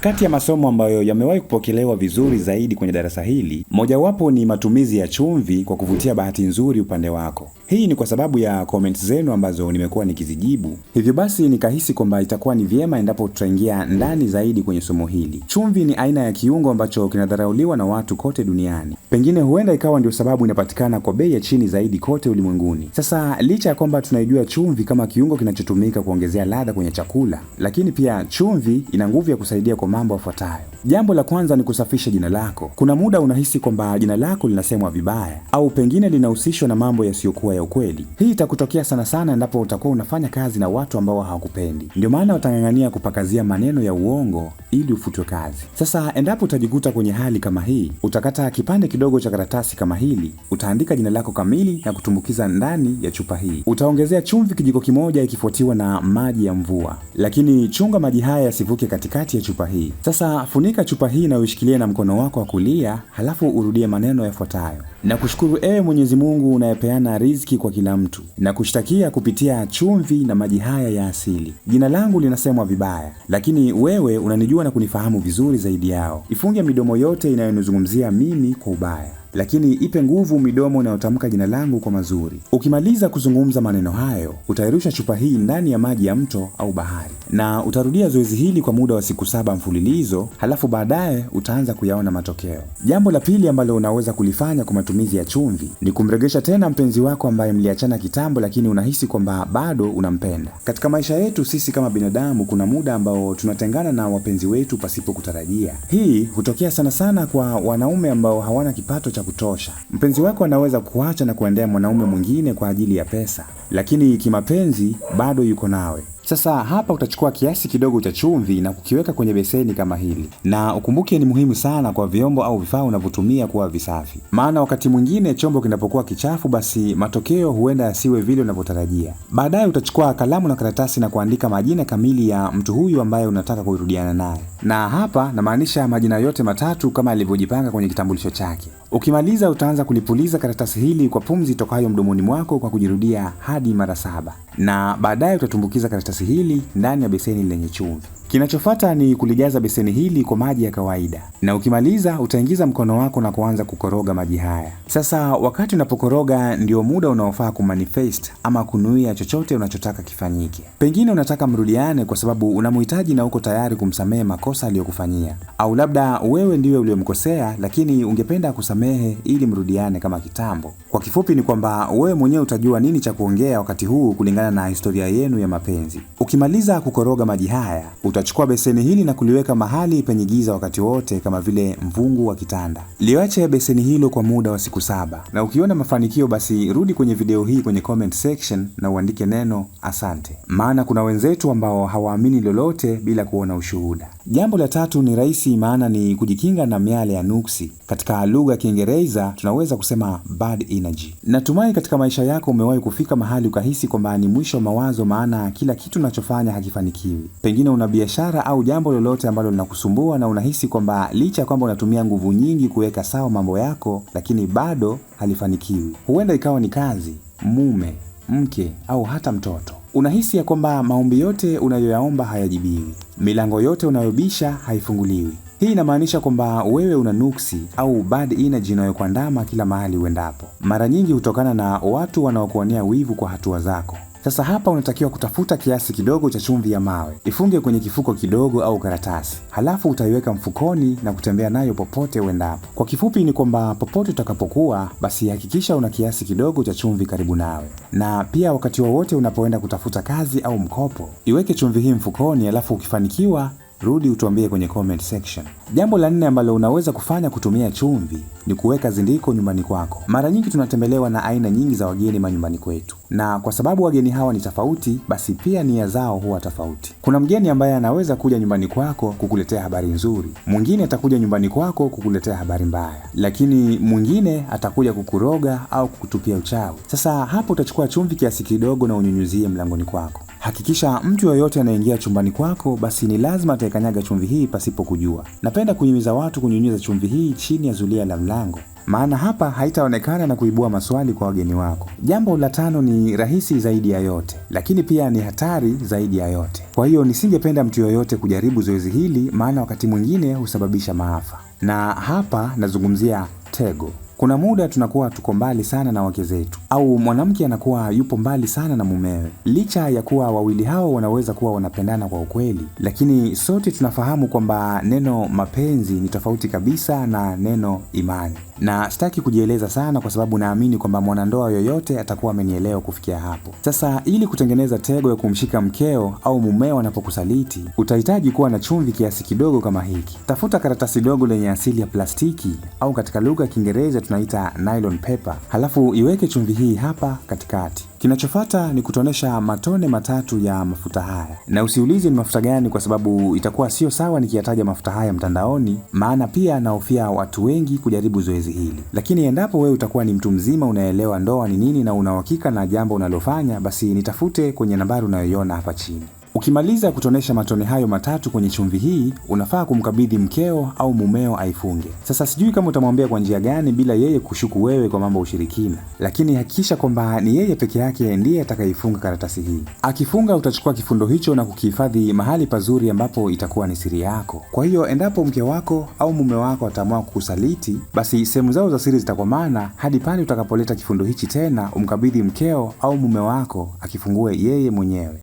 Kati ya masomo ambayo yamewahi kupokelewa vizuri zaidi kwenye darasa hili, mojawapo ni matumizi ya chumvi kwa kuvutia bahati nzuri upande wako. Hii ni kwa sababu ya comments zenu ambazo nimekuwa nikizijibu. Hivyo basi nikahisi kwamba itakuwa ni vyema endapo tutaingia ndani zaidi kwenye somo hili. Chumvi ni aina ya kiungo ambacho kinadharauliwa na watu kote duniani. Pengine huenda ikawa ndio sababu inapatikana kwa bei ya chini zaidi kote ulimwenguni. Sasa licha ya kwamba tunaijua chumvi kama kiungo kinachotumika kuongezea ladha kwenye chakula, lakini pia chumvi ina nguvu ya kusaidia kwa mambo yafuatayo. Jambo la kwanza ni kusafisha jina lako. Kuna muda unahisi kwamba jina lako linasemwa vibaya au pengine linahusishwa na mambo yasiyokuwa ya ukweli. Hii itakutokea sana sana endapo utakuwa unafanya kazi na watu ambao hawakupendi. Ndio maana watang'ang'ania kupakazia maneno ya uongo ili ufutwe kazi. Sasa endapo utajikuta kwenye hali kama hii, utakata kipande kidogo cha karatasi kama hili, utaandika jina lako kamili na kutumbukiza ndani ya chupa hii. Utaongezea chumvi kijiko kimoja ikifuatiwa na maji ya mvua, lakini chunga maji haya yasivuke katikati ya chupa hii hii. Sasa funika chupa hii na uishikilie na mkono wako wa kulia, halafu urudie maneno yafuatayo: na kushukuru ewe Mwenyezi Mungu unayepeana riziki kwa kila mtu na kushtakia kupitia chumvi na maji haya ya asili. Jina langu linasemwa vibaya, lakini wewe unanijua na kunifahamu vizuri zaidi yao. Ifunge midomo yote inayonizungumzia mimi kwa ubaya lakini ipe nguvu midomo inayotamka jina langu kwa mazuri. Ukimaliza kuzungumza maneno hayo, utairusha chupa hii ndani ya maji ya mto au bahari, na utarudia zoezi hili kwa muda wa siku saba mfululizo, halafu baadaye utaanza kuyaona matokeo. Jambo la pili ambalo unaweza kulifanya kwa matumizi ya chumvi ni kumregesha tena mpenzi wako ambaye mliachana kitambo, lakini unahisi kwamba bado unampenda. Katika maisha yetu sisi kama binadamu, kuna muda ambao tunatengana na wapenzi wetu pasipo kutarajia. Hii hutokea sana sana kwa wanaume ambao hawana kipato cha kutosha. Mpenzi wako anaweza kuacha na kuendea mwanaume mwingine kwa ajili ya pesa, lakini kimapenzi bado yuko nawe. Sasa hapa utachukua kiasi kidogo cha chumvi na kukiweka kwenye beseni kama hili, na ukumbuke ni muhimu sana kwa vyombo au vifaa unavyotumia kuwa visafi, maana wakati mwingine chombo kinapokuwa kichafu, basi matokeo huenda yasiwe vile unavyotarajia. Baadaye utachukua kalamu na karatasi na kuandika majina kamili ya mtu huyu ambaye unataka kurudiana naye, na hapa namaanisha majina yote matatu kama alivyojipanga kwenye kitambulisho chake. Ukimaliza utaanza kulipuliza karatasi hili kwa pumzi tokayo mdomoni mwako kwa kujirudia hadi mara saba na baadaye utatumbukiza karatasi hili ndani ya beseni lenye chumvi. Kinachofuata ni kulijaza beseni hili kwa maji ya kawaida, na ukimaliza utaingiza mkono wako na kuanza kukoroga maji haya. Sasa wakati unapokoroga ndio muda unaofaa kumanifest ama kunuia chochote unachotaka kifanyike. Pengine unataka mrudiane kwa sababu unamhitaji na uko tayari kumsamehe makosa aliyokufanyia, au labda wewe ndiwe uliyemkosea, lakini ungependa kusamehe ili mrudiane kama kitambo. Kwa kifupi, ni kwamba wewe mwenyewe utajua nini cha kuongea wakati huu kulingana kulingana na historia yenu ya mapenzi. Ukimaliza kukoroga maji haya, utachukua beseni hili na kuliweka mahali penye giza wakati wote, kama vile mvungu wa kitanda. Liwache beseni hilo kwa muda wa siku saba, na ukiona mafanikio, basi rudi kwenye video hii kwenye comment section na uandike neno asante, maana kuna wenzetu ambao hawaamini lolote bila kuona ushuhuda. Jambo la tatu ni rahisi, maana ni kujikinga na miale ya nuksi. Katika lugha ya Kiingereza tunaweza kusema bad energy. Natumai katika maisha yako umewahi kufika mahali ukahisi kwamba ni mwisho wa mawazo, maana kila kitu unachofanya hakifanikiwi. Pengine una biashara au jambo lolote ambalo linakusumbua na unahisi kwamba licha ya kwamba unatumia nguvu nyingi kuweka sawa mambo yako, lakini bado halifanikiwi. Huenda ikawa ni kazi, mume, mke au hata mtoto. Unahisi ya kwamba maombi yote unayoyaomba hayajibiwi, milango yote unayobisha haifunguliwi. Hii inamaanisha kwamba wewe una nuksi au bad energy inayokuandama kila mahali uendapo. Mara nyingi hutokana na watu wanaokuonea wivu kwa hatua zako, sasa hapa unatakiwa kutafuta kiasi kidogo cha chumvi ya mawe, ifunge kwenye kifuko kidogo au karatasi, halafu utaiweka mfukoni na kutembea nayo popote uendapo. Kwa kifupi ni kwamba popote utakapokuwa, basi hakikisha una kiasi kidogo cha chumvi karibu nawe, na pia wakati wowote unapoenda kutafuta kazi au mkopo, iweke chumvi hii mfukoni, halafu ukifanikiwa Rudi utuambie kwenye comment section. Jambo la nne ambalo unaweza kufanya kutumia chumvi ni kuweka zindiko nyumbani kwako. Mara nyingi tunatembelewa na aina nyingi za wageni manyumbani kwetu, na kwa sababu wageni hawa ni tofauti, basi pia nia zao huwa tofauti. Kuna mgeni ambaye anaweza kuja nyumbani kwako kukuletea habari nzuri, mwingine atakuja nyumbani kwako kukuletea habari mbaya, lakini mwingine atakuja kukuroga au kukutupia uchawi. Sasa hapo utachukua chumvi kiasi kidogo na unyunyuzie mlangoni kwako. Hakikisha mtu yoyote anaingia chumbani kwako basi ni lazima ataikanyaga chumvi hii pasipo kujua. Napenda kuhimiza watu kunyunyiza chumvi hii chini ya zulia la mlango, maana hapa haitaonekana na kuibua maswali kwa wageni wako. Jambo la tano ni rahisi zaidi ya yote, lakini pia ni hatari zaidi ya yote. Kwa hiyo nisingependa mtu yoyote kujaribu zoezi hili, maana wakati mwingine husababisha maafa, na hapa nazungumzia tego. Kuna muda tunakuwa tuko mbali sana na wake zetu, au mwanamke anakuwa yupo mbali sana na mumewe. Licha ya kuwa wawili hao wanaweza kuwa wanapendana kwa ukweli, lakini sote tunafahamu kwamba neno mapenzi ni tofauti kabisa na neno imani, na sitaki kujieleza sana kwa sababu naamini kwamba mwanandoa yoyote atakuwa amenielewa kufikia hapo. Sasa, ili kutengeneza tego ya kumshika mkeo au mumeo anapokusaliti, utahitaji kuwa na chumvi kiasi kidogo kama hiki. Tafuta karatasi dogo lenye asili ya plastiki au katika lugha ya Kiingereza tunaita nylon paper, halafu iweke chumvi hii hapa katikati. Kinachofata ni kutonesha matone matatu ya mafuta haya, na usiulize ni mafuta gani, kwa sababu itakuwa sio sawa nikiyataja mafuta haya mtandaoni, maana pia nahofia watu wengi kujaribu zoezi hili. Lakini endapo wewe utakuwa ni mtu mzima, unaelewa ndoa ni nini na una na jambo unalofanya, basi nitafute kwenye nambari unayoiona hapa chini. Ukimaliza kutonesha matone hayo matatu kwenye chumvi hii, unafaa kumkabidhi mkeo au mumeo aifunge. Sasa sijui kama utamwambia kwa njia gani bila yeye kushuku wewe kwa mambo ya ushirikina, lakini hakikisha kwamba ni yeye peke yake ndiye atakayefunga karatasi hii. Akifunga, utachukua kifundo hicho na kukihifadhi mahali pazuri ambapo itakuwa ni siri yako. Kwa hiyo endapo mke wako au mume wako ataamua kukusaliti, basi sehemu zao za siri zitakwamana hadi pale utakapoleta kifundo hichi tena umkabidhi mkeo au mume wako akifungue yeye mwenyewe.